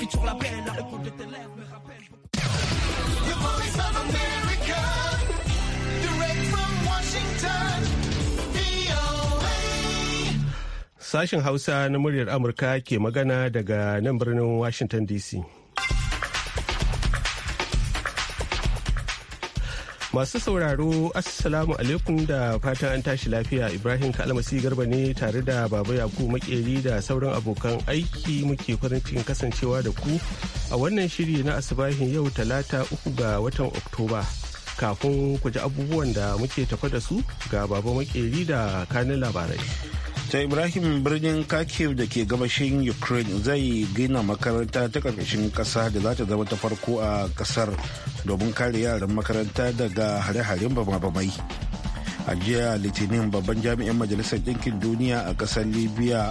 profite sur la peine, la rencontre de tes lèvres me rappelle. The voice of America, direct from Washington. Sashen Hausa na muryar Amurka ke magana daga nan birnin Washington DC. Masu sauraro Assalamu alaikum da fatan an tashi lafiya Ibrahim Kalmasi Garba ne tare da Baba Yaku Makeri da sauran abokan aiki muke farin cikin kasancewa da ku a wannan shiri na asibahin yau talata uku ga watan Oktoba. Kafin ku ji abubuwan da muke tafa da su ga Baba Makeri da kanin labarai. ta ibrahim birnin kharkiv da ke gabashin ukraine zai gina makaranta ta karkashin kasa da za ta zama ta farko a kasar domin kare yaran makaranta daga hare-haren bababai. a jiya litinin babban jami'in majalisar ɗinkin duniya a ƙasar libya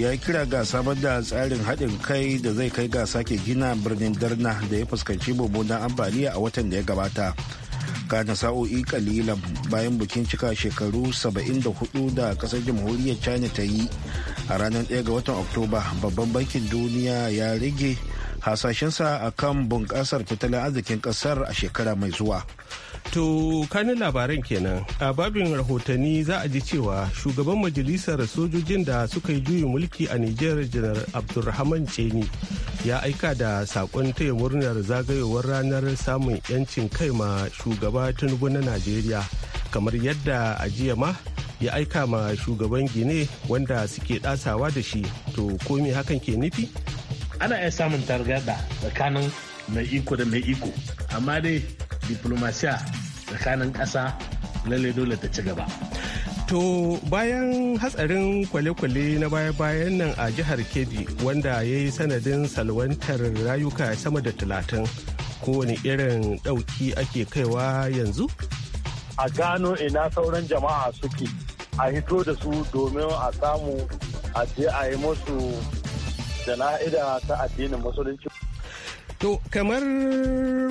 ya kira ga samar da tsarin haɗin kai da zai kai ga sake gina birnin darna da ya fuskanci mummunan ambaliya a watan da ya gabata kana sa'o'i kalilan bayan bikin cika shekaru 74 da kasar jamhuriyar china ta yi a ranar 1 ga watan oktoba babban bankin duniya ya rage hasashensa a kan bunƙasar tattalin arzikin ƙasar a shekara mai zuwa To kanin labaran kenan a babin rahotanni za a ji cewa shugaban majalisar sojojin da suka yi juyin mulki a Nijar janar Abdulrahman Ceni ya aika da sakon taya murnar zagayowar ranar samun 'yancin kai ma shugaba Tinubu na Najeriya kamar yadda a jiya ma ya aika ma shugaban Gine wanda suke ɗasawa da shi to ko me hakan ke nufi? Ana iya samun targada tsakanin mai iko da mai iko amma dai diplomasiya tsakanin ƙasa lalle dole ta ci gaba. To bayan hatsarin kwale-kwale na baya-bayan nan a jihar Kebbi wanda ya yi sanadin salwantar rayuka sama da talatin kowane irin ɗauki ake kaiwa yanzu? A gano ina sauran jama'a suke a hito da su domin a samu a je a yi musu jana'ida ta addinin musulunci. To kamar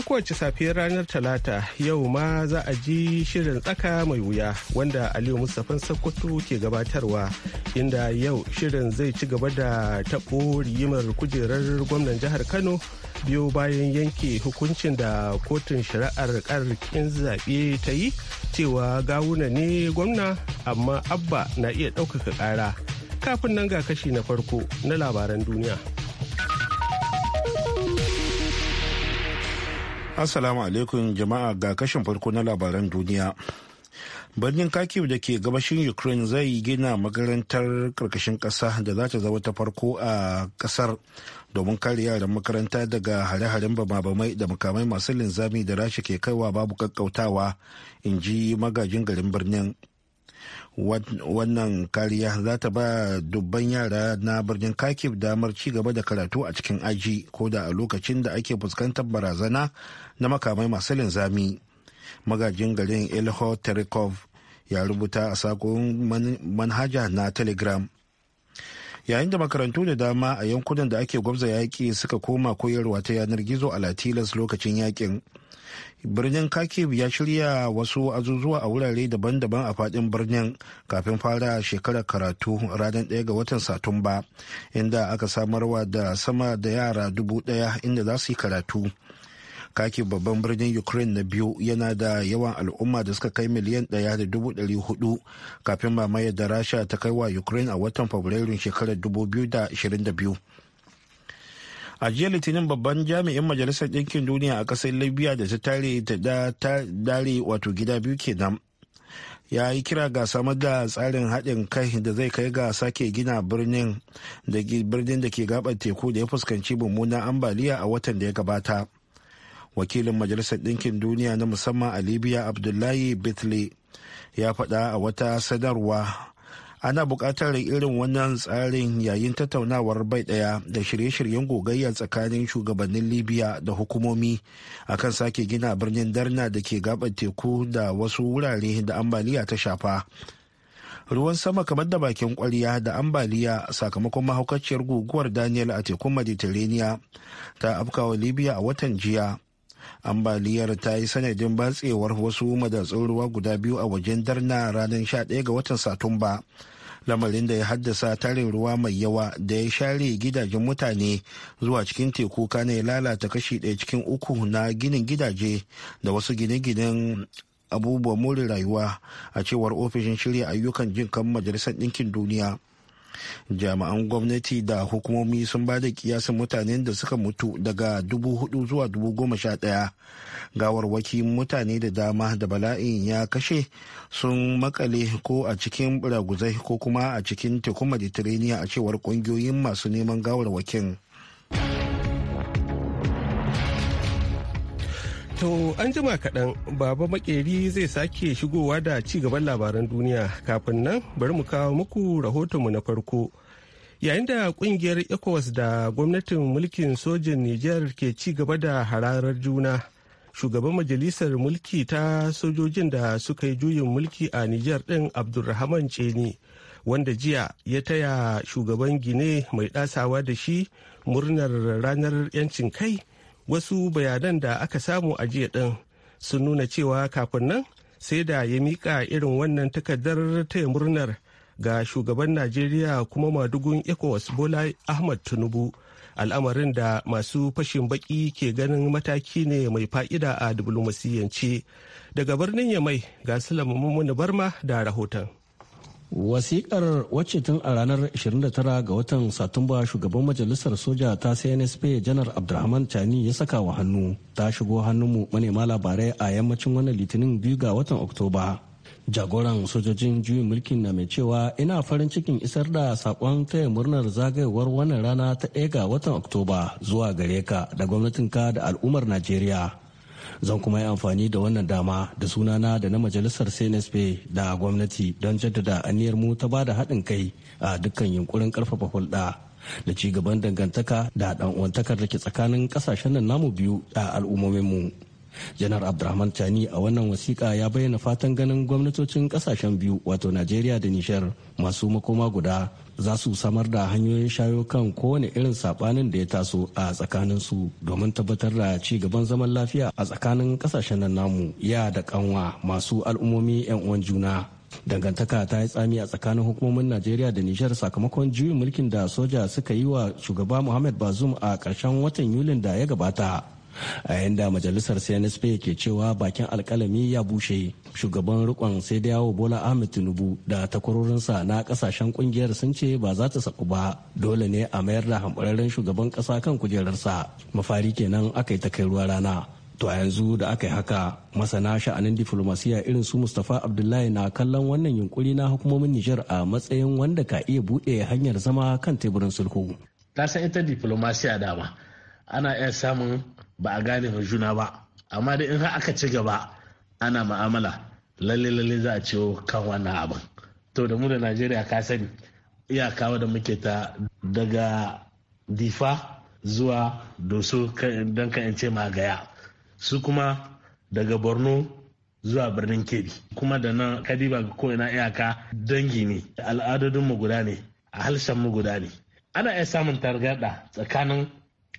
kowace safiyar ranar talata yau ma za a ji shirin tsaka mai wuya wanda Aliyu Mustapha Sokoto ke gabatarwa inda yau shirin zai ci gaba da taɓo rigimar kujerar gwamnan jihar Kano biyo bayan yanke hukuncin da kotun shari'ar ƙarƙin zaɓe ta yi cewa gawuna ne gwamna amma abba na iya ɗaukaka ƙara kafin nan ga kashi na farko na labaran duniya. Assalamu alaikum jama'a ga kashin farko na labaran duniya. Birnin Kharkiv da ke gabashin Ukraine zai gina makarantar karkashin ƙasa da za ta zama ta farko a ƙasar domin kare yaran makaranta daga hare-haren babamai da makamai masu linzami da rashi ke kaiwa babu kakkautawa in ji magajin garin birnin. Wannan kariya za ta ba dubban yara na birnin Kharkiv damar ci gaba da karatu a cikin aji ko da a lokacin da ake fuskantar barazana na makamai masu linzami magajin garin ilho terikov ya rubuta a sakon manhaja na telegram yayin da makarantu da dama a yankunan da ake gwamza yaƙi suka koma koyarwa ta yanar gizo a latilas lokacin yakin birnin kakib ya shirya wasu azuzuwa a wurare daban-daban a fadin birnin kafin fara shekarar karatu ranar 1 ga watan satumba inda aka samarwa da sama da yara dubu daya inda za su yi karatu kaki babban birnin ukraine na biyu yana da yawan al'umma da suka kai miliyan ɗaya da dubu ɗari hudu kafin mamayar da rasha ta kai wa ukraine a watan fabrairun shekarar dubu biyu da ashirin da biyu a jiya litinin babban jami'in majalisar ɗinkin duniya a ƙasar libya da ta tare ta dare wato gida biyu kenan ya yi kira ga samar da tsarin haɗin kai da zai kai ga sake gina birnin birnin da ke gabar teku da ya fuskanci mummunan ambaliya a watan da ya gabata wakilin majalisar ɗinkin duniya na musamman a libya abdullahi bitley ya faɗa a wata sadarwa ana buƙatar irin wannan tsarin yayin tattaunawar bai ɗaya da shirye-shiryen gogayya tsakanin shugabannin libya da hukumomi akan sake gina birnin darna da ke gabar teku da wasu wurare da ambaliya ta shafa ruwan sama kamar da bakin kwarya da ambaliya sakamakon mahaukaciyar guguwar daniel a tekun mediterranean ta afkawa libya a watan jiya ambaliyar ta yi sanadin batsewar wasu madatsun ruwa guda biyu a wajen darna ranar 11 ga watan satumba lamarin da ya haddasa tarin ruwa mai yawa da ya share gidajen mutane zuwa cikin teku kane ya lalata kashi ɗaya cikin uku na ginin gidaje da wasu gine-ginen abubuwan more rayuwa a cewar ofishin shirya ayyukan jin kan majalisar ɗinkin duniya jami'an gwamnati da hukumomi sun ba da kiyasin mutanen da suka mutu daga dubu hudu zuwa dubu goma sha daya gawarwaki mutane da dama da bala'in ya kashe sun makale ko a cikin raguzai ko kuma a cikin tekun mediterranean a cewar kungiyoyin masu neman gawarwakin To an jima kaɗan baba makeri zai sake shigowa da ci gaban labaran duniya kafin nan bari mu kawo muku rahoton mu na farko. Yayin da kungiyar ECOWAS da gwamnatin mulkin sojin Nijar ke ci gaba da hararar juna, shugaban majalisar mulki ta sojojin da suka yi juyin mulki a Nijar ɗin Abdulrahman Ceni, wanda jiya ya taya shugaban Gine mai ɗasawa da shi murnar ranar 'yancin kai. wasu bayanan da aka samu a jiya ɗin sun nuna cewa kafin nan sai da ya miƙa irin wannan takardar taya murnar ga shugaban najeriya kuma madugun ecowas bola ahmad tinubu al'amarin da masu fashin baki ke ganin mataki ne mai fa'ida a diflomasiyance daga birnin yamai ga mummuni barma da rahoton wasikar wacce tun a ranar 29 ga watan satumba shugaban majalisar soja ta cnsp janar abdulrahman tani ya saka wa hannu ta shigo hannunmu manema labarai a yammacin wannan litinin biyu ga watan oktoba jagoran sojojin juyin mulkin na mai cewa ina farin cikin isar da sakon taya murnar zagayowar wannan rana ta ɗaya ga watan oktoba zuwa gare ka da gwamnatinka da al'ummar najeriya zan kuma yi amfani da wannan dama da sunana da na majalisar cnsp da gwamnati don jaddada aniyar mu ta bada haɗin kai a dukkan yunkurin ƙarfafa hulɗa da ci gaban dangantaka da ɗan'uwantakar da ke tsakanin ƙasashen nan namu biyu a al'ummominmu janar abdulrahman tani a wannan wasiƙa ya bayyana fatan ganin gwamnatocin ƙasashen biyu wato najeriya da nishar masu makoma guda za su samar da hanyoyin shayo kan kowane irin sabanin da ya taso a tsakanin su domin tabbatar da ci gaban zaman lafiya a tsakanin kasashen nan namu ya da kanwa masu al'ummomi 'yan uwan juna dangantaka ta yi tsami a tsakanin hukumomin najeriya da nijar sakamakon juyin mulkin da soja suka yi wa shugaba muhammad bazum a ƙarshen watan yulin da ya gabata a yanda majalisar cnsp ke cewa bakin alkalami ya bushe shugaban rikon sai da yawo bola ahmed tinubu da takwarorinsa na kasashen kungiyar sun ce ba za ta saku ba dole ne a mayar da hambararren shugaban kasa kan kujerarsa mafari kenan aka yi ta kai ruwa rana to a yanzu da aka yi haka masana sha'anin diflomasiya irin su mustapha abdullahi na kallon wannan yunkuri na hukumomin nijar a matsayin wanda ka iya buɗe hanyar zama kan teburin sulhu ta san ita diflomasiya dama ana iya samun ba a gane ma juna ba amma dai in har aka ci gaba ana ma'amala lalle lalle za a ciwo kan wannan abin to da mu da najeriya ka sani iyaka wadda muke ta daga difa zuwa doso don kan ce gaya. su kuma daga borno zuwa birnin kebi. kuma da nan kadiba ko ina iyaka dangi ne al'adodinmu guda ne a mu guda ne ana iya samun targaɗa tsakanin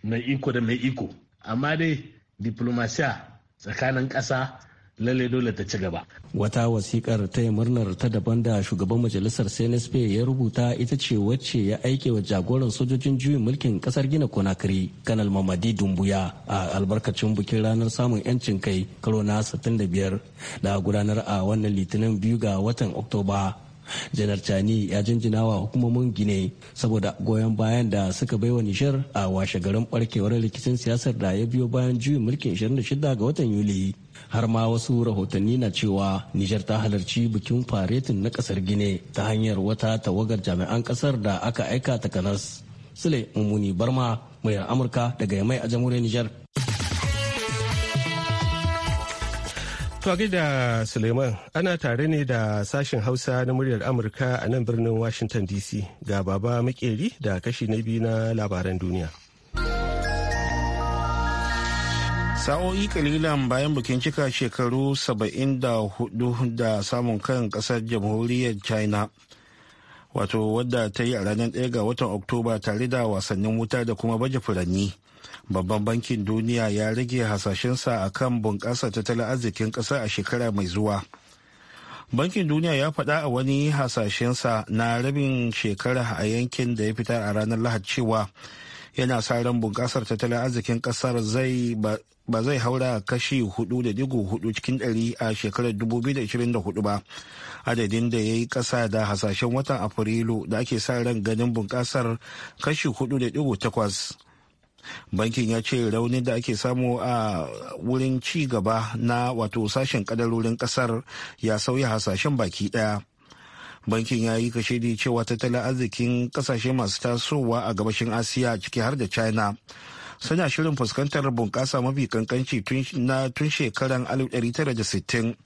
mai iko da mai iko amma dai diplomasiya tsakanin ƙasa lalle dole ta ci gaba. Wata wasikar taya murnar ta daban da shugaban majalisar CNSP ya rubuta ita ce wacce ya aike wa jagoran sojojin juyin mulkin kasar Gina Konakiri, Kanal Mamadi Dumbuya a albarkacin bikin ranar samun 'yancin kai karo na 65 da gudanar a wannan litinin biyu ga watan Oktoba. janar chani ya jinjina wa hukumomin gine saboda goyon bayan da suka baiwa nishar a washe garin barkewar rikicin siyasar da ya biyo bayan juyin mulkin 26 ga watan yuli har ma wasu rahotanni na cewa nijar ta halarci bikin faretin na kasar gine ta hanyar wata tawagar jami'an kasar da aka aika ta kanas sule mummuni barma muryar amurka daga yamai a jamhuriyar nijar To da Suleiman ana tare ne da sashen Hausa na muryar Amurka a nan birnin Washington DC ga baba makeri da kashi na biyu na labaran duniya. Sa'o'i kalilan bayan bikin cika shekaru 74 da samun kan kasar jamhuriyar China. Wato wadda ta yi a ranar 1 ga watan Oktoba tare da wasannin wuta da kuma baje furanni. babban bankin duniya ya rage hasashensa a kan bunƙasa tattalin arzikin ƙasa a shekara mai zuwa bankin duniya ya faɗa a wani hasashensa na rabin shekara a yankin da ya fita a ranar lahad cewa yana sa ran bunƙasar tattalin arzikin ƙasar zai ba zai haura kashi 4.4 cikin 100 a shekarar 2024 ba adadin da ya yi ƙasa da hasashen watan afrilu da ake sa ran ganin bunƙasar kashi 4.8 bankin ya ce raunin da ake samu a wurin ci gaba na wato sashen kadarorin kasar ya sauya hasashen baki daya bankin ya yi kashe cewa tattalin arzikin kasashe masu tasowa a gabashin asiya ciki har da china suna shirin fuskantar bunƙasa mafi kankanci na tun shekaran 1960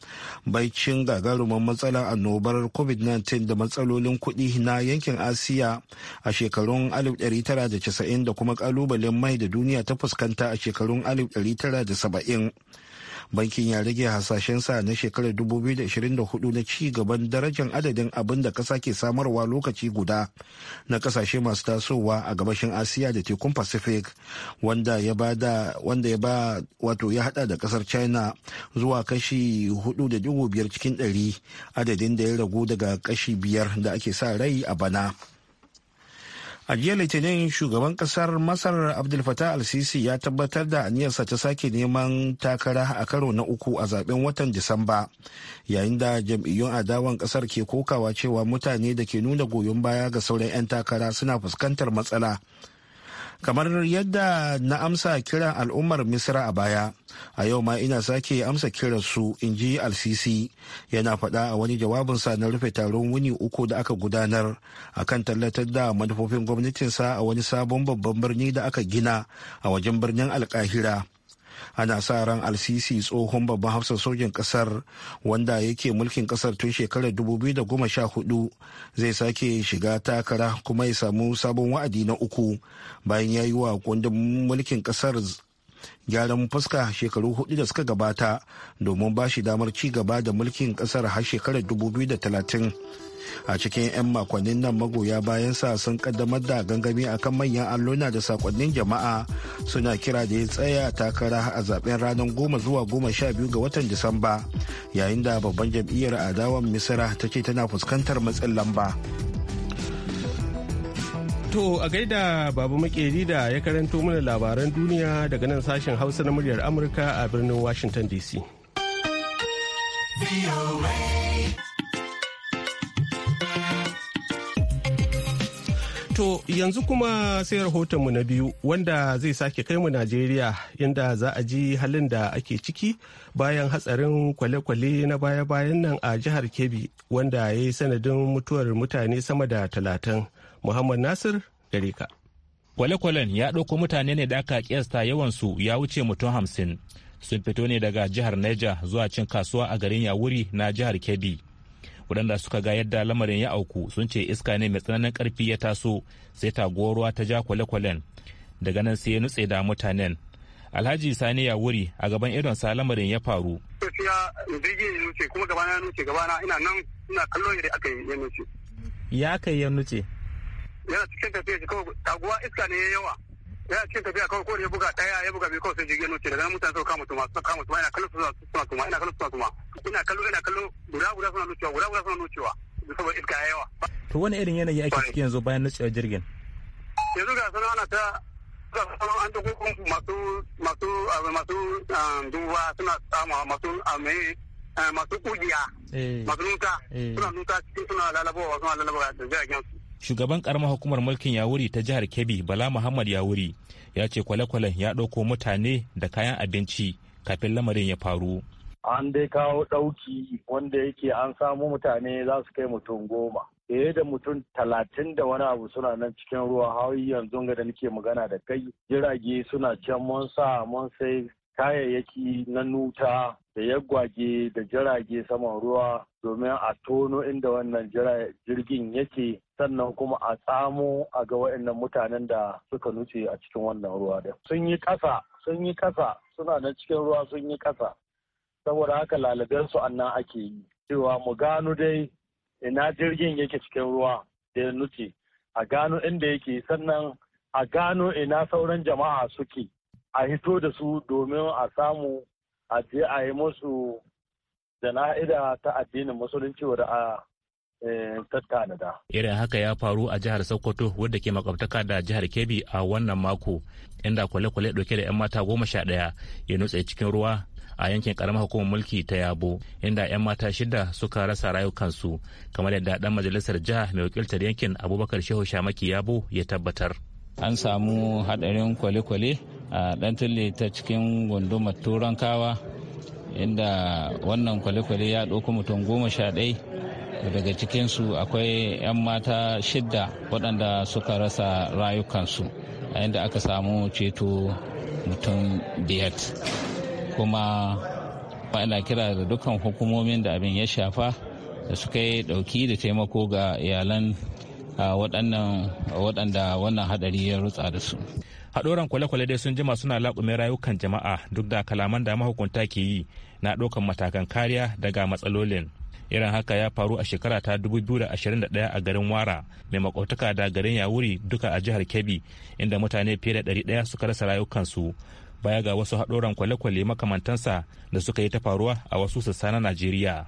baicin gagarumin matsalar annobar covid-19 da matsalolin kuɗi na yankin asiya a shekarun 1990 da kuma ƙalubalen mai da duniya ta fuskanta a shekarun 1970 bankin ya rage hasashensa na shekarar 2024 na ci gaban darajar adadin abin da kasa ke samarwa lokaci guda na kasashe masu tasowa a gabashin asiya da tekun pacific wanda ya ba wato ya hada da kasar china zuwa kashi 4.5 cikin 100 adadin da ya ragu daga kashi 5 da ake sa rai a bana. a jiya litinin shugaban kasar masar abdul fatah al-sisi ya tabbatar da aniyarsa ta sake neman takara a karo na uku a zaben watan disamba yayin da jam'iyyun adawan kasar ke kokawa cewa mutane da ke nuna goyon baya ga sauran 'yan takara suna fuskantar matsala kamar yadda na amsa kiran al'ummar misra a baya a yau ma ina sake amsa kiran su in ji al yana faɗa a wani jawabinsa na rufe taron wuni uku da aka gudanar a kan tallatar da manufofin gwamnatinsa a wani sabon babban birni da aka gina a wajen birnin alkahira ana sa ran alsisi tsohon babban hafsan sojin kasar wanda yake mulkin kasar tun shekarar 2014 zai sake shiga takara kuma ya samu sabon wa'adi na uku bayan ya yi wa kundin mulkin kasar gyaran fuska shekaru hudu da suka gabata domin ba shi damar ci gaba da mulkin kasar har shekarar 2030 a cikin 'yan makonnin nan magoya bayan sa sun kaddamar da gangami akan manyan alluna da sakonnin jama'a suna kira da ya tsaya takara a zaben ranar goma zuwa goma sha biyu ga watan disamba yayin da babban jam'iyyar adawan misira ta ce tana fuskantar matsin lamba To a gaida babu makeri da ya karanto mana labaran duniya daga nan sashen hausa na muryar amurka a birnin washington dc. To yanzu kuma sai rahotonmu na biyu wanda zai sake kai mu Najeriya inda za a ji halin da ake ciki bayan hatsarin kwale-kwale na baya-bayan nan a jihar Kebbi wanda ya yi sanadin mutuwar mutane sama da talatin. Muhammad Nasir gare ka. Kwale-kwalen ya ɗauko mutane ne da aka kiyasta yawansu ya wuce mutum hamsin. Sun fito ne daga jihar Niger zuwa cin kasuwa a garin Yawuri na jihar Kebbi. waɗanda suka ga yadda lamarin ya auku sun ce iska ne mai tsananin karfi ya taso sai taguwar ruwa ta ja kwale-kwalen daga nan sai ya nutse da mutanen alhaji sani ya wuri a gaban idon sa lamarin ya faru ya kai ya nuce ya ya nuce cikin tafiya shi kawai taguwa iska ne ya yawa ya ce tafiya kawai ko ya buga daya ya buga biyu kawai sai jirgin nuce daga mutane suka kama tuma suka kama tuma ina kallo suna tuma ina kallo suna tuma ina kallo ina kallo suna nucewa guda guda suna nucewa saboda iska ya yawa. to wani irin yanayi ake ciki yanzu bayan nucewar jirgin. yanzu ga ana ta an dogo masu masu ah, masu ah, duba suna ah, eh, eh. eh. suna nuta cikin suna lalabawa da jiragen su shugaban karamar hukumar mulkin yawuri ta jihar kebbi bala muhammad yawuri ya ce kwale-kwalen ya ɗauko mutane da kayan abinci kafin lamarin ya faru an dai kawo ɗauki wanda yake an samu mutane za su kai mutum goma fiye da mutum talatin da wani abu suna nan cikin ruwa hawi yanzu ga da nake magana da kai jirage suna can mun sa mun sai kayayyaki na nuta da yagwage da jirage saman ruwa domin a tono inda wannan jirgin yake sannan kuma a tsamo a ga waɗannan mutanen da suka nuce a cikin wannan ruwa da sun yi kasa sun yi ƙasa suna na cikin ruwa sun yi ƙasa saboda haka lalaben su annan ake yi cewa mu gano dai ina jirgin yake cikin ruwa da ya nuce a gano inda yake sannan a gano ina sauran jama'a suke a hito da su domin a samu a je a yi musu jana'ida ta addinin musulunci wadda a Eh, da. Irin haka ya faru a jihar Sokoto wadda ke makwabtaka da jihar Kebbi a wannan mako inda kwale-kwale ɗauke da 'yan mata goma sha ɗaya ya nutse cikin ruwa a yankin karamar hukumar mulki ta yabo inda 'yan mata shida suka rasa rayukansu kamar yadda ɗan majalisar jiha mai wakiltar yankin abubakar shehu shamaki yabo ya tabbatar. An samu hadarin kwale-kwale a ɗan ta cikin gundumar turankawa inda wannan kwale-kwale ya ɗauko mutum goma sha ɗaya daga cikinsu akwai 'yan mata shidda waɗanda suka rasa rayukansu a inda aka samu ceto mutum biyar kuma ana kira da dukkan hukumomin da abin ya shafa da suka yi ɗauki da taimako ga iyalan waɗanda wannan haɗari ya rutsa da su haɗoran kwale-kwale dai sun jima suna laƙume rayukan jama'a duk da kalaman da mahukunta ke yi na ɗaukan matakan kariya daga matsalolin irin haka ya faru a shekara ta 2021 a garin wara mai makwautaka da garin yawuri duka a jihar kebbi inda mutane fiye da 100 suka rasa rayukansu baya ga wasu haɗoran kwale-kwale makamantansa da suka yi ta faruwa a wasu sassa na najeriya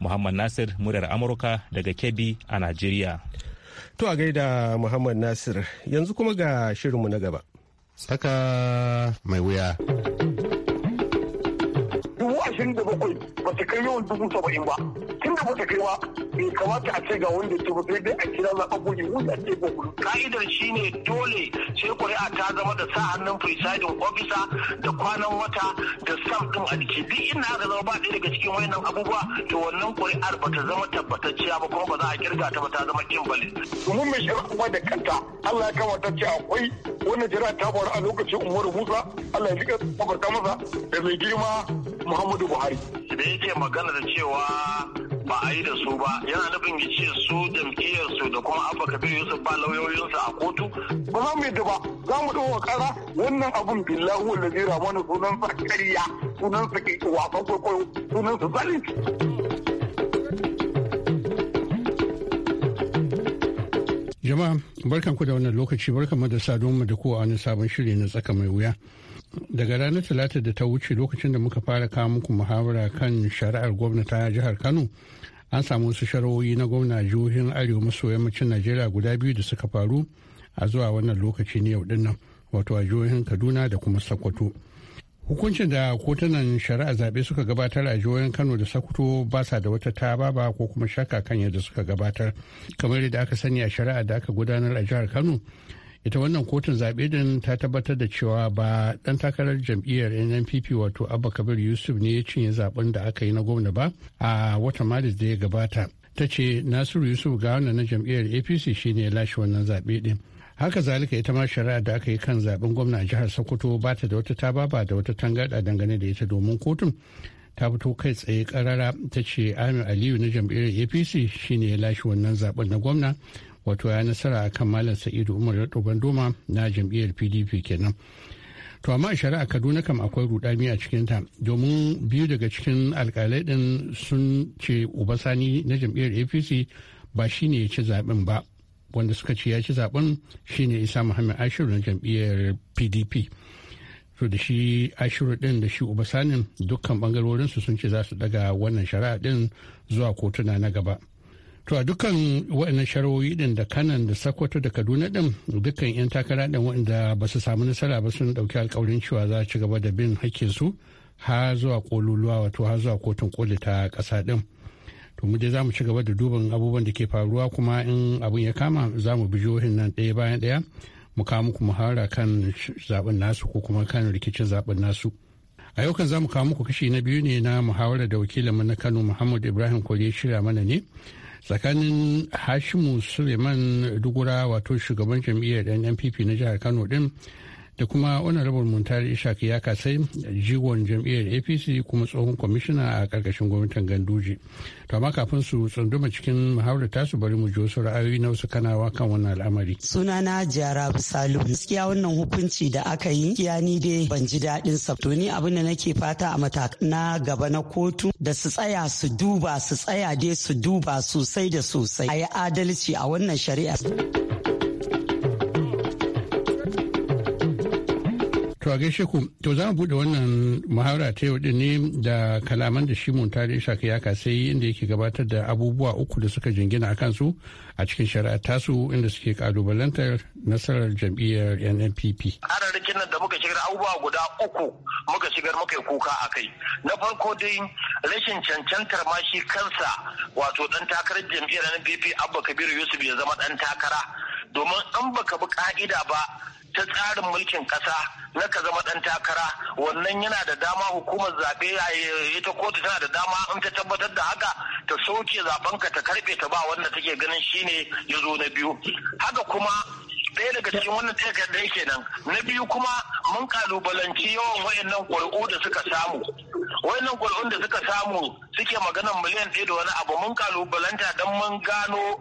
muhammad nasir muryar amurka daga kebbi a najeriya to a gaida muhammad nasir yanzu kuma ga shirinmu na gaba saka mai wuya ashirin da bakwai ba ta kai yawan dubu saba'in ba tun da ba ta kai ba bai kamata a ce ga wanda ke ba sai dai a kira a gudu wanda a ce ba kudu. ka'idar shi ne dole sai kuri'a ta zama da sa hannun presiding officer da kwanan wata da sam ɗin a jiki duk inda aka zama ba ɗaya daga cikin wayannan abubuwa to wannan kuri'ar ba ta zama tabbatacciya ba kuma ba za a kirga ta ba ta zama kimbalin. domin mai shari'a da kanta Allah ya kamata ce akwai wannan jira ta faru a lokacin umaru musa Allah ya jika tabarta masa da mai girma Muhammadu buhari da yake magana da cewa ba a yi da su ba yana nufin ya ce su jam'iyyar da kuma abba kabir yusuf ba lauyoyinsu a kotu ba za mu yadda ba za mu ɗaukwa kara wannan abun billahi wanda zai ramana sunan sa ƙarya sunan sa ke wasan kwaikwayo sunan sa zali. jama'a barkan ku da wannan lokaci barkan mu da saduwa mu da kowa wani sabon shiri na tsaka mai wuya daga ranar talata da ta wuce lokacin da muka fara kawo muku muhawara kan shari'ar gwamnati gwamnata jihar kano an samu wasu shari'o'i na gwamna jihohin arewa maso yammacin najeriya guda biyu da suka faru a zuwa wannan lokaci ne yau dinnan wato a jihohin kaduna da kuma sokoto hukuncin da kotunan shari'a zaɓe suka gabatar a jihohin kano da sokoto ba sa da wata tababa ko kuma shaka kan yadda suka gabatar kamar yadda aka sani a shari'a da aka gudanar a jihar kano ita wannan kotun zaɓe din ta tabbatar da cewa ba ɗan takarar jam'iyyar nnpp wato abba kabir yusuf ne ya cinye zaɓen da aka yi na gwamna ba a wata maris da ya gabata ta ce nasiru yusuf ga na jam'iyyar apc shine ya lashe wannan zaɓe din haka zalika ita ma shari'a da aka yi kan zaɓen gwamna a jihar sokoto ba ta da wata tababa da wata tangarɗa dangane da ita domin kotun ta fito kai tsaye karara ta ce amir aliyu na jam'iyyar apc shine ya lashe wannan zaben na gwamna wato ya nasara kan malam sa'idu umar dogon doma na jam'iyyar pdp kenan to amma shari'a kaduna kam akwai rudami a cikinta domin biyu daga cikin alkalai din sun ce ubasani na jam'iyyar apc ba shine ne ya ci zaben ba wanda suka ce ya ci zaben shine isa muhammad ashiru na jam'iyyar pdp to da shi ashiru din da shi ubasanin dukkan bangarorinsu sun ce za su daga wannan shari'a din zuwa kotuna na gaba To a dukkan waɗannan sharowi ɗin da kanan da sakwato da Kaduna ɗin dukkan 'yan takara ɗin waɗanda ba su samu nasara ba sun ɗauki alkawarin cewa za ci gaba da bin hakkin su har zuwa kololuwa wato har zuwa kotun koli ta ƙasa ɗin. To mu dai za mu ci gaba da duban abubuwan da ke faruwa kuma in abin ya kama za mu bi jihohin nan ɗaya bayan ɗaya mu kawo muku muhara kan zaɓen nasu ko kuma kan rikicin zaɓen nasu. a yau kan za mu kawo muku kashi na biyu ne na muhawarar da wakilinmu na kano muhammad ibrahim kwale shirya mana ne tsakanin hashimu suleiman dugura wato shugaban jam'iyyar npp na jihar kano din da kuma honorable muntari ishaq ya kasai jigon jam'iyyar apc kuma tsohon kwamishina a karkashin gwamnatin ganduje to amma kafin su tsunduma cikin muhawar tasu bari mu ji wasu ra'ayoyi na wasu kanawa kan wannan al'amari sunana jara salu gaskiya wannan hukunci da aka yi kiya ni dai ban ji daɗin sa to ni abin da nake fata a matakan na gaba na kotu da su tsaya su duba su tsaya dai su duba sosai da sosai a yi adalci a wannan shari'a To a gaishe ku, to za mu bude wannan muhawara ta yau ne da kalaman da shi tare shaka ya sai inda yake gabatar da abubuwa uku da suka jingina a kansu a cikin shari'a tasu inda suke kalubalantar nasarar jam'iyyar NNPP. Ararrakin nan da muka shigar abubuwa guda uku muka shigar muka yi kuka a kai. Na farko dai rashin cancantar ma shi kansa wato dan takarar jam'iyyar NNPP Abba Kabiru Yusuf ya zama ɗan takara. Domin an baka bi ka'ida ba ta tsarin mulkin kasa na ka zama dan takara wannan yana da dama hukumar zaɓe ta kotu tana da dama in ta tabbatar da haka ta soke zaben ka ta karfe ta ba wanda take ganin shine ya zo na biyu haka kuma ɗaya daga cikin wannan takardar kenan na biyu kuma mun kalubalanci yawan wayannan ƙuri'u da suka samu wayannan ƙuri'un da suka samu suke maganar miliyan ɗaya da wani abu mun kalubalanta don mun gano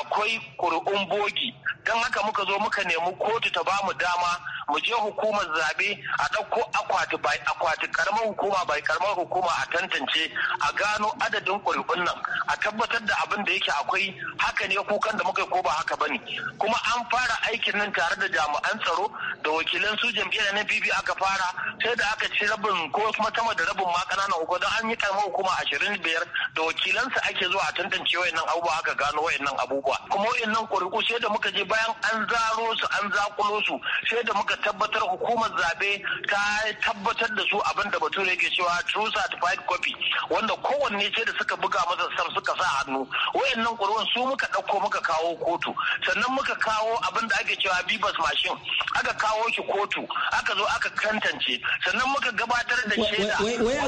akwai ƙuri'un bogi don haka muka zo muka nemi kotu ta bamu dama mu je hukumar zabe a ɗauko akwati bai akwati karamar hukuma bai karamar hukuma a tantance a gano adadin ƙuri'un nan a tabbatar da abin da yake akwai haka ne kukan da muka ko ba haka bane kuma an fara aikin nan tare da jami'an tsaro da wakilan su jam'iyyar na bibi aka fara sai da aka ci rabin ko kuma sama da rabin ma ƙananan hukuma don an yi karamar hukuma ashirin biyar da wakilansa ake zuwa a tantance wayannan abubuwa aka gano wayannan abubuwa kuma wayannan kuri'u sai da muka je bayan an zaro su an zakulo su sai da muka tabbatar hukumar zabe ta tabbatar da su abin da bature yake cewa true certified copy wanda kowanne sai da suka buga masa sam suka sa hannu wayannan ƙuri'un su muka ɗauko muka kawo kotu sannan muka kawo abin da ake cewa bibas mashin aka kawo shi kotu aka zo aka tantance sannan muka gabatar da shaida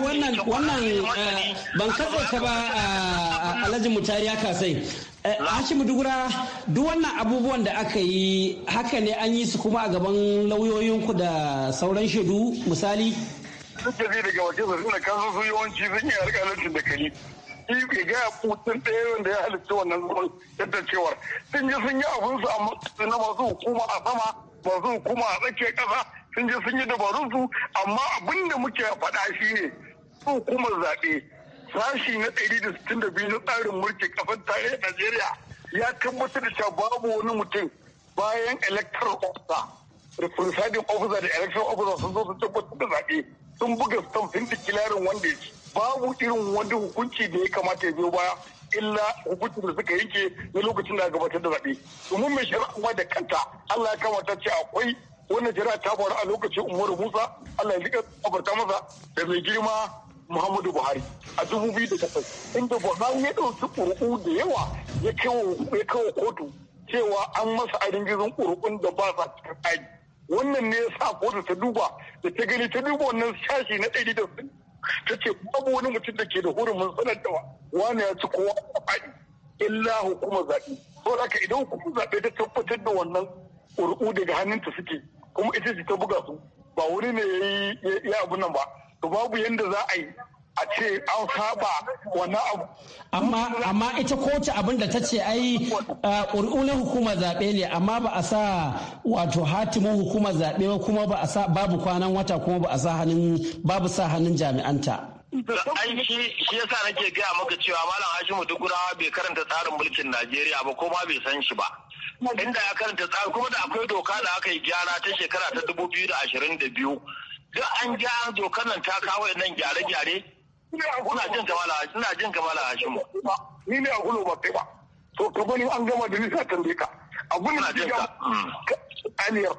wannan wannan eh, ban ba alhaji mutari ya kasai eh, Hashimu Dugura duk wannan abubuwan da aka yi haka ne an yi su kuma a gaban lauyoyinku da sauran shaidu misali? Duk da zai daga waje su suna kasu su yawanci sun yi alƙalancin da kani. Shi ke gaya kutun ɗaya wanda ya halitta wannan zuwan yadda cewar sun je sun yi su a matsayin na masu hukuma a sama masu hukuma a tsakiyar ƙasa sun je sun yi dabarun su amma abin da muke faɗa shi ne su hukumar zaɓe sashi na 162 na tsarin mulkin kafin tarihin Najeriya ya tabbatar da cewa babu wani mutum bayan electoral officer da presiding officer da electoral officer sun zo su tabbatar da zaɓe sun buga stamp sun dikilarin wanda ya babu irin wani hukunci da ya kamata ya biyo baya illa hukuncin da suka yanke na lokacin da gabatar da zaɓe domin mai shari'a da kanta Allah ya kamata ce akwai wannan jira ta faru a lokacin umaru musa allah ya rika abarta masa da mai girma Muhammadu Buhari a 2008 inda Buhari ya ɗauki ƙuruƙu da yawa ya kawo kotu cewa an masa ainihin ƙuri'un da ba sa cikin tsari. Wannan ne ya sa kotu ta duba da ta gani ta duba wannan shashi na ɗari da ta ce babu wani mutum da ke da hurumin sanar da wani ya ci kowa a faɗi illa hukumar zaɓe. Saboda haka idan hukumar zaɓe ta tabbatar da wannan ƙuri'u daga hannunta suke kuma ita ce ta buga su ba wuri ne ya yi abu nan ba. to babu yadda za a yi a ce an saba wani abu. Amma ita kotu abin da ta ce ai ƙuri'u na hukumar zaɓe ne amma ba a sa wato hatimin hukumar zaɓe ba kuma ba a sa babu kwanan wata kuma ba a sa hannun babu sa hannun jami'anta. Ai shi yasa nake gaya maka cewa Malam Hashimu Dukurawa bai karanta tsarin mulkin Najeriya ba ko ma bai san shi ba. Inda ya karanta tsarin kuma da akwai doka da aka yi gyara ta shekara ta dubu biyu da ashirin da biyu duk an ja dokar nan ta kawo nan gyare-gyare ina jin kamala ina jin kamala hashimu ni ne a gulo ba kai ba to ka bani an gama da nisa tambaye ka abun da jin mm. aliyar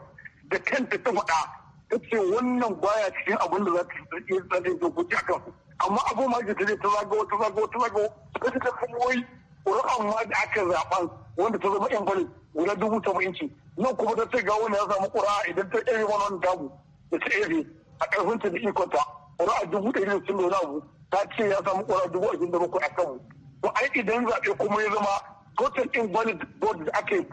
da kanta ta faɗa ta ce wannan baya cikin abin da za ta yi tsarin dokoki akan amma abu ma ji tare ta zago ta zago ta zagawo ta ta kuma wai ƙuri'an ma da aka zaɓan wanda ta zama yan bari guda dubu saba'in ce nan kuma ta ce ga wani ya samu kura idan ta yi wani damu da ta ɗaya a ƙarfin ta da ikonta ƙura dubu ɗari da sun da mu ta ce ya samu ƙura dubu ashirin da bakwai a kan mu to ai idan zaɓe kuma ya zama total invalid board da ake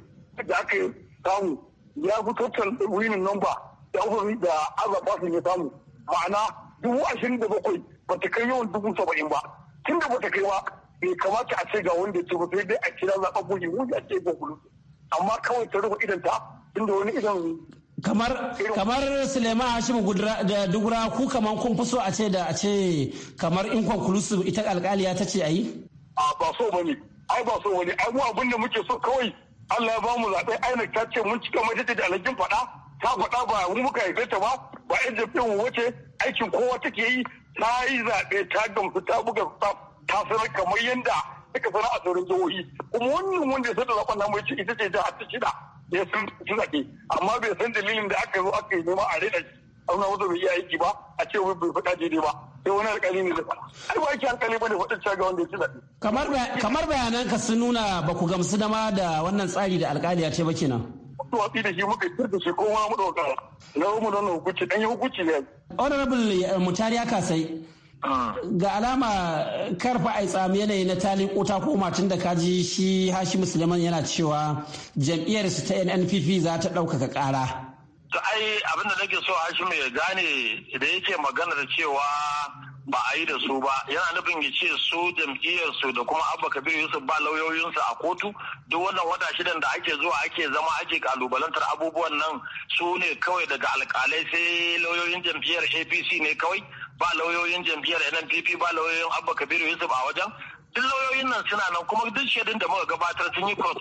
da ake samu ya fi total winning number da ofin da aza sun ya samu ma'ana dubu ashirin da bakwai ba ta kai yawan dubu saba'in ba tun da ba ta kai ba bai kamata a ce ga wanda ya ce ba sai dai a kira zaɓen goge goge a ce ba amma kawai ta rufe idan ta tun da wani idan kamar kamar Suleiman Hashim Dugura ku kaman kun fi a ce da a ce kamar in kulusu ita alƙaliya ta ce ayi a ba so bane ai ba so bane ai mu abin da muke so kawai Allah ya ba mu zaɓe aina ta ce mun cika mai da alhakin faɗa ta faɗa ba mu muka yi ta ba ba inda fi wace aikin kowa take yi ta yi zaɓe ta gamsu ta buga ta sanar kamar yanda suka sanar a tsoron jihohi kuma wannan wanda ya sanar da kwanan mai ita ce jihar ta shida ya sun zaɓe amma bai san dalilin da aka zo aka yi noma a rena shi a nuna masa bai yi aiki ba a ce wai bai faɗa daidai ba sai wani alƙali ne da faɗa ai ba ki hankali ba ne faɗin ga wanda ya ci zaɓe. kamar bayanan ka sun nuna ba ku gamsu da ma da wannan tsari da alƙali ya ce ba kenan. watsi da shi muka kirka shi ko ma mu ɗauka na mu nuna hukunci ɗan yi hukunci ne. honorable eh, mutariya ya kasai ga alama karfa a tsami yanayi na tali kota ko matin da kaji shi hashi musulman yana cewa jam'iyyar ta nnpp za ta ɗaukaka ƙara. to ai abin nake so hashi mai gane da yake maganar cewa ba a yi da su ba yana nufin ya ce su jam'iyyar su da kuma abba kabir yusuf ba lauyoyinsu a kotu duk wannan wata shidan da ake zuwa ake zama ake kalubalantar abubuwan nan su ne kawai daga alkalai sai lauyoyin jam'iyyar apc ne kawai ba lauyoyin jam'iyyar NNPP ba lauyoyin Abba Kabiru Yusuf a wajen duk lauyoyin nan suna nan kuma duk shaidun da muka gabatar sun yi cross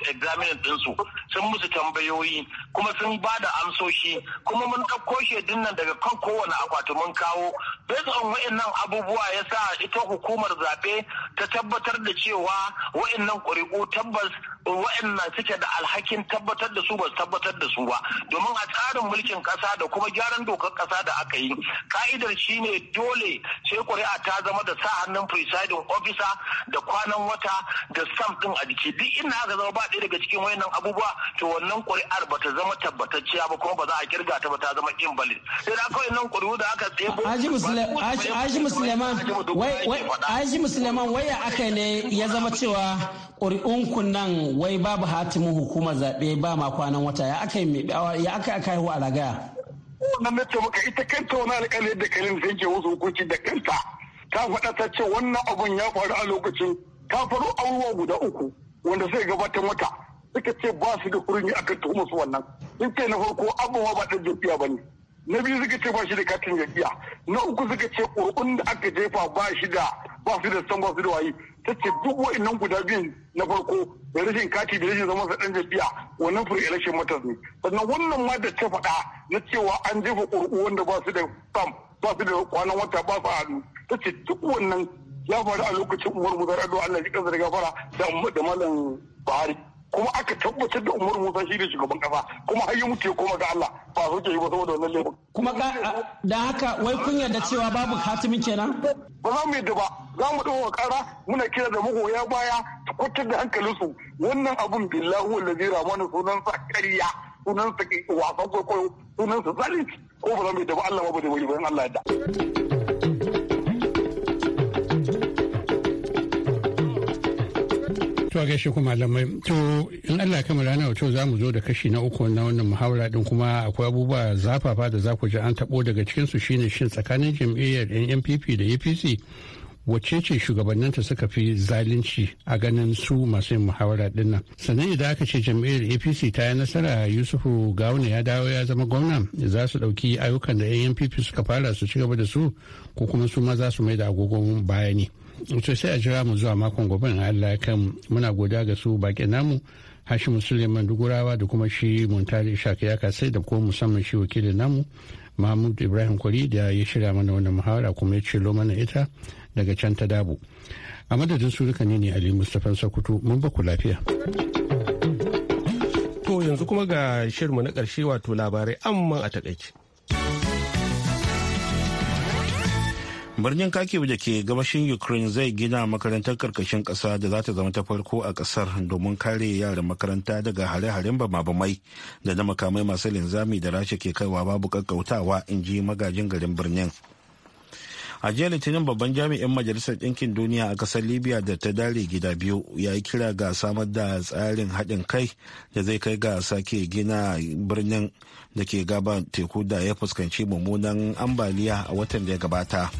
din su sun musu tambayoyi kuma sun ba da amsoshi kuma mun ɗauko shaidun nan daga kan kowane akwati mun kawo based on wa'annan abubuwa ya sa ita hukumar zaɓe ta tabbatar da cewa wa'annan ƙuri'u tabbas wa'annan suke da alhakin tabbatar da su ba tabbatar da su ba domin a tsarin mulkin ƙasa da kuma gyaran dokar ƙasa da aka yi ka'idar shine dole sai ƙuri'a ta zama da sa hannun presiding officer da da kwanan wata da sam din a jiki duk ina aka zama ba ɗaya daga cikin wayannan abubuwa to wannan ƙuri'ar ba ta zama tabbatacciya ba kuma ba za a kirga ta ba ta zama invalid sai da kawai nan ƙuri'u da aka tsebo haji Musulman haji Musulman waya aka ne ya zama cewa ƙuri'unku nan wai babu hatimin hukumar zaɓe ba ma kwanan wata ya aka yi ya aka aka yi wa ragaya. Wannan na ce maka ita kanta wani alƙalin da kalin zai ke wasu hukunci da kanta. ta faɗa ta ce wannan abun ya faru a lokacin ta faru abubuwa guda uku wanda zai gabatar mata suka ce ba su da kurmi akan tuhumar su wannan sun ce na farko abubuwa ba ɗan jafiya ba ne na biyu suka ce ba shi da katin jam'iyya na uku suka ce ƙuri'un da aka jefa ba shi da ba su da san ba su da wayi ta ce duk wa'annan guda biyun na farko da rashin kati da rashin zama sa dan jam'iyya wannan free election matters ne sannan wannan ma da ta faɗa na cewa an jefa ƙuri'u wanda ba su da sam ba su da kwanan wata ba su hannu ta ce duk wannan ya faru a lokacin umar muzar ado allah ji kansa da gafara da malam buhari kuma aka tabbatar da umar musa shi ne shugaban kafa kuma har yi mutu ya koma ga allah ba su ke yi ba saboda wannan laifin. kuma da haka wai kun yarda cewa babu Hatimi kenan. ba za mu yi ba za mu ɗaukar kara muna kira da magoya baya su kwatar da hankalinsu wannan abun billahi wallazi ramanu sunansa ƙarya sunansa wasan kwaikwayo sunansa zalunci ko ba za mu yi ba allah ba ba zai wani bayan allah ya da. To gaishe kuma malamai. To in Allah kama rana wato za mu zo da kashi na uku na wannan muhawara din kuma akwai abubuwa zafafa da za ku ji an tabo daga cikin su shine shin tsakanin jam'iyyar NPP da APC wacce ce shugabanninta suka fi zalunci a ganin su masu yin muhawara din nan sannan idan aka ce jam'iyyar apc ta yi nasara yusufu gawuna ya dawo ya zama gwamna za su ɗauki ayyukan da yan npp suka fara su ci gaba da su ko kuma su ma za su mai da agogon bayani. to sai a jira mu zuwa makon gobe na Allah kan muna godiya ga su baki namu Hashim Suleiman Dugurawa da kuma shi Muntari Ishaq ya kasai da kuma musamman shi wakilin namu Mahmud Ibrahim Kwari da ya shirya mana wannan muhawara kuma ya ce mana ita daga can ta dabu. A madadin su duka ne Ali Mustapha Sakutu mun ba ku lafiya. To yanzu kuma ga shirmu na ƙarshe wato labarai amma a takaice. birnin kakibu da ke gabashin ukraine zai gina makarantar karkashin kasa da za ta zama ta farko a kasar domin kare yaran makaranta daga hare-haren bamabamai da na makamai masu linzami da rasha ke kaiwa babu kakkautawa in ji magajin garin birnin a jiya litinin babban jami'in majalisar ɗinkin duniya a ƙasar libya da ta dare gida biyu ya yi kira ga samar da tsarin haɗin kai da zai kai ga sake gina birnin da ke gaban teku da ya fuskanci mummunan ambaliya a watan da ya gabata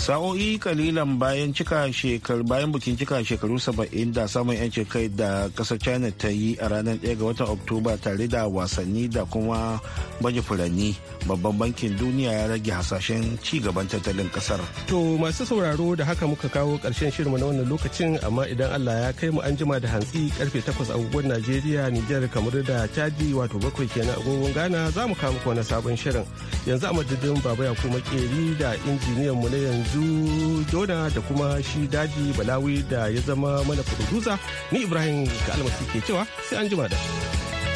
sa'o'i kalilan bayan cika shekar bayan bikin cika shekaru 70 da samun yancin kai da kasar china ta yi a ranar 1 ga watan oktoba tare da wasanni da kuma baje furanni babban bankin duniya ya rage hasashen ci gaban tattalin kasar to masu sauraro da haka muka kawo karshen shirin na wannan lokacin amma idan allah ya kai mu anjima da hantsi karfe 8 agogon najeriya nijar kamar da chadi wato bakwai kenan agogon gana za mu kawo muku wani sabon shirin yanzu a madadin baba ya kuma keri da injiniyan mu na yanzu yanzu jona da kuma shi daji balawi da ya zama mana producer ni ibrahim almasi ke cewa sai an jima da